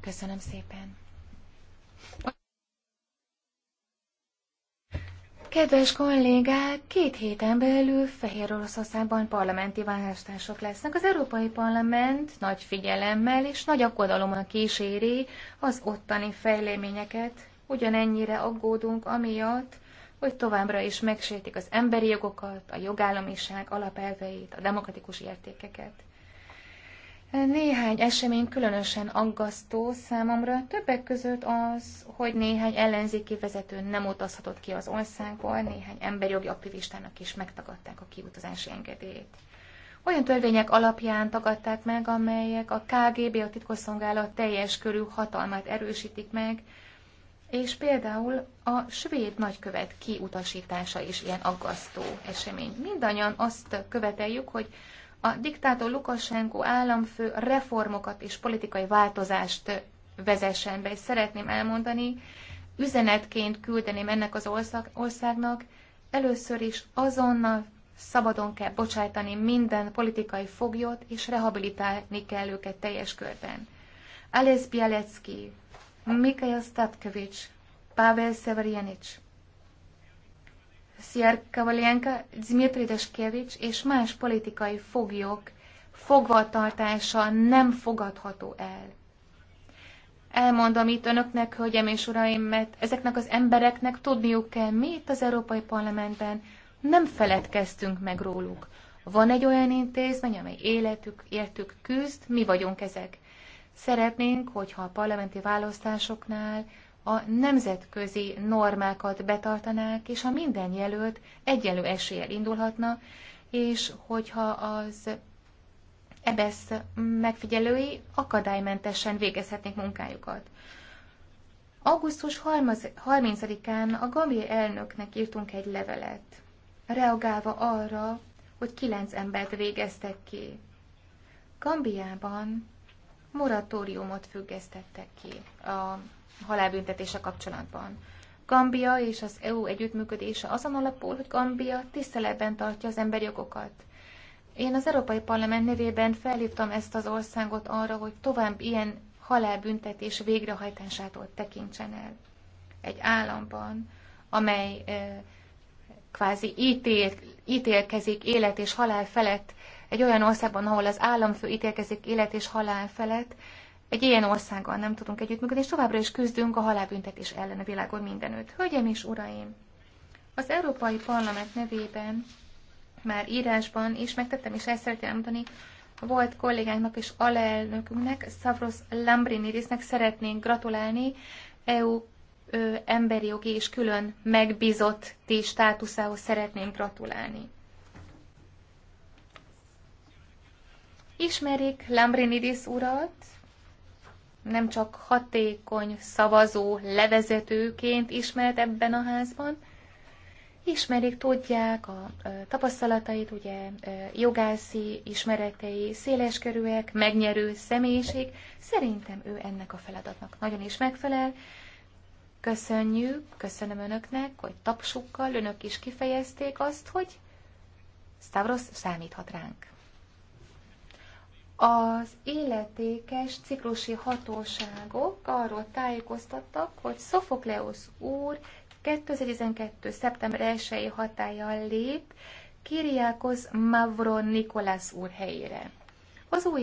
Köszönöm szépen. Kedves kollégák, két héten belül Fehér Oroszországban parlamenti választások lesznek. Az Európai Parlament nagy figyelemmel és nagy aggodalommal kíséri az ottani fejleményeket. Ugyanennyire aggódunk amiatt, hogy továbbra is megsértik az emberi jogokat, a jogállamiság alapelveit, a demokratikus értékeket. Néhány esemény különösen aggasztó számomra, többek között az, hogy néhány ellenzéki vezető nem utazhatott ki az országból, néhány emberjogi aktivistának is megtagadták a kiutazási engedélyt. Olyan törvények alapján tagadták meg, amelyek a KGB, a titkosszolgálat teljes körű hatalmát erősítik meg, és például a svéd nagykövet kiutasítása is ilyen aggasztó esemény. Mindannyian azt követeljük, hogy a diktátor Lukashenko államfő reformokat és politikai változást vezessen be, és szeretném elmondani, üzenetként küldeném ennek az ország, országnak, először is azonnal szabadon kell bocsájtani minden politikai foglyot, és rehabilitálni kell őket teljes körben. Alesz Bielecki, Mikhail Statkevics, Pavel Severjanics, Kavalienka, Dzmitri Deskevics és más politikai foglyok fogvatartása nem fogadható el. Elmondom itt önöknek, hölgyem és uraim, mert ezeknek az embereknek tudniuk kell, mi itt az Európai Parlamentben nem feledkeztünk meg róluk. Van egy olyan intézmény, amely életük, értük küzd, mi vagyunk ezek. Szeretnénk, hogyha a parlamenti választásoknál a nemzetközi normákat betartanák, és ha minden jelölt egyenlő eséllyel indulhatna, és hogyha az EBESZ megfigyelői akadálymentesen végezhetnék munkájukat. Augusztus 30-án a Gambier elnöknek írtunk egy levelet, reagálva arra, hogy kilenc embert végeztek ki. Gambiában moratóriumot függesztettek ki a halálbüntetése kapcsolatban. Gambia és az EU együttműködése azon alapul, hogy Gambia tiszteletben tartja az emberi jogokat. Én az Európai Parlament nevében felhívtam ezt az országot arra, hogy tovább ilyen halálbüntetés végrehajtásától tekintsen el. Egy államban, amely e, kvázi ítél, ítélkezik élet és halál felett, egy olyan országban, ahol az államfő ítélkezik élet és halál felett, egy ilyen országgal nem tudunk együttműködni, és továbbra is küzdünk a halálbüntetés ellen a világon mindenütt. Hölgyem és uraim! Az Európai Parlament nevében már írásban is megtettem, és ezt szeretném mondani, volt kollégánknak és alelnökünknek, Szavros Lambrinidisnek szeretnénk gratulálni EU ö, emberi jogi és külön megbízott státuszához szeretnénk gratulálni. Ismerik Lambrinidis urat, nem csak hatékony szavazó levezetőként ismert ebben a házban, ismerik, tudják a tapasztalatait, ugye jogászi ismeretei, széleskörűek, megnyerő személyiség. Szerintem ő ennek a feladatnak nagyon is megfelel. Köszönjük, köszönöm önöknek, hogy tapsukkal önök is kifejezték azt, hogy Stavros számíthat ránk. Az életékes ciklusi hatóságok arról tájékoztattak, hogy Szofokleusz úr 2012. szeptember 1-i hatállyal lép Kiriakos Mavron Nikolász úr helyére. Az új